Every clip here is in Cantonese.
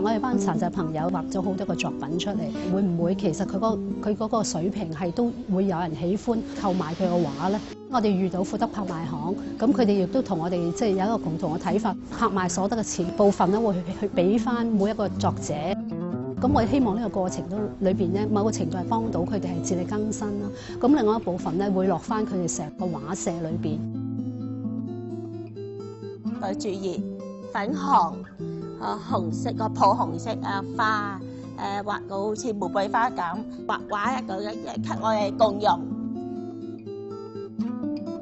嗯、我哋班殘疾朋友畫咗好多個作品出嚟，會唔會其實佢、嗰個佢嗰個水平係都會有人喜歡購買佢嘅畫咧？我哋遇到富德拍賣行，咁佢哋亦都同我哋即係有一個共同嘅睇法，拍賣所得嘅錢部分咧會去俾翻每一個作者。咁我希望呢個過程都裏邊咧，某個程度係幫到佢哋係自力更生啦。咁另外一部分咧會落翻佢哋成個畫社裏邊。要注意粉紅。啊、哦！紅色個抱紅色啊，花誒、呃、畫到好似玫瑰花咁，畫畫一個一給我哋共融。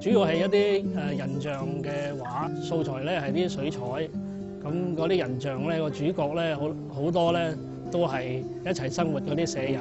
主要係一啲誒人像嘅畫素材咧，係啲水彩。咁嗰啲人像咧，個主角咧，好好多咧，都係一齊生活嗰啲社友。